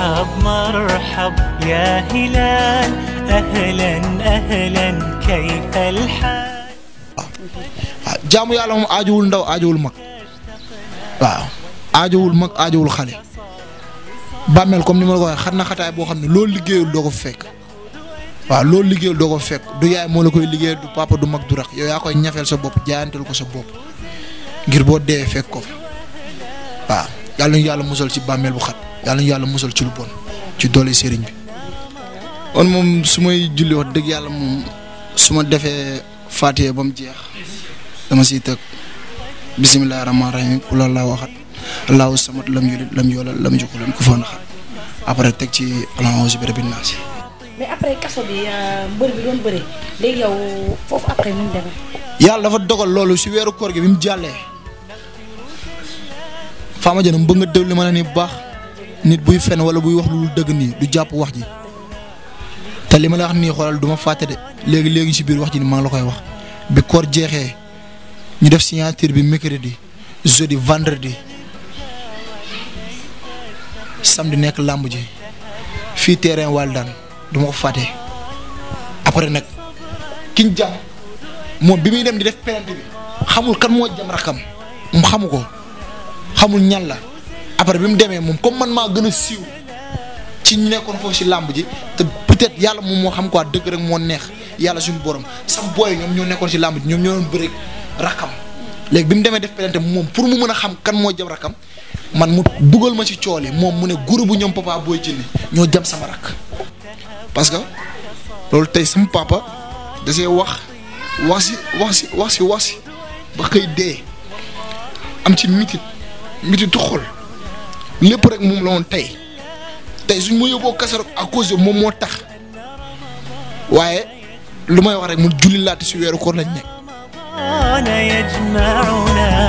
مرحب مرحب يا هلال أهلا أهلا jaamu yàlla moom aajowul ndaw aajowul mag waaw aajowul mag aajowul xale bàmmeel comme ni ma la ko xat na xataay boo xam ne loolu liggéeyul doo ko fekk waaw loolu liggéeyul doo ko fekk du yaay moo la koy liggéeyal du papa du mag du rax yow yaa koy ñafeel sa bopp jaayantel ko sa bopp ngir boo deewee fekk ko fa waaw yàlla ñu yàlla musal ci bàmmeel bu xat yàlla ñu yàlla musal ci lu bon ci doole sëriñ bi. kon moom su may julli wax dëgg yàlla moom su ma defee faatiye ba mu jeex dama siy teg bisimilah rahmaani rahiim ku la laa waxat allahu samat lam yulit lam yoolal lam yukul lam teg ci alhamdulilah bi euh, mu yàlla dafa dogal loolu si weeru koor gi bi mu jàllee. Fama Diagne mu bëgg nga déglu ma ne nii bu baax. nit buy fen wala buy wax lu dëgg nii du jàpp wax ji te li ma la wax nii xoolal duma ma fàtte de léegi léegi ci biir wax ji ni maa la koy wax bi koor jeexee ñu def signature bi mercredi jeudi vendredi samedi nekk làmb ji fii terrain Waldaan du ma ko fàtte après nag kiñ jàpp moom bi muy dem di def plainte bi xamul kan moo jam rakkam mu xamu ko xamul ñan la. après bi mu demee moom comme man maa gën a siiw ci nekkoon foofu si làmb ji te peut-être yàlla moom moo xam ko quoi dëgg rek moo neex yàlla suñu borom sam booy ñoom ñoo nekkoon si làmb ji ñoom ñoo doon bëri léegi bi mu demee def pelante moom pour mu mën a xam kan moo jam rakam man mu dugal ma ci cool yi moom mu ne guru bu ñoom papa booy jënne ñoo jam sama rakk parce que loolu tey sama papa da wax wax si wax si wax si wax si ba koy dee am ci mitit mititu xol lépp rek moom la woon tey tey suñ ma yóbboo kaso rek de moom moo tax waaye lu may wax rek mu julli laata si weeru ko lañ nekk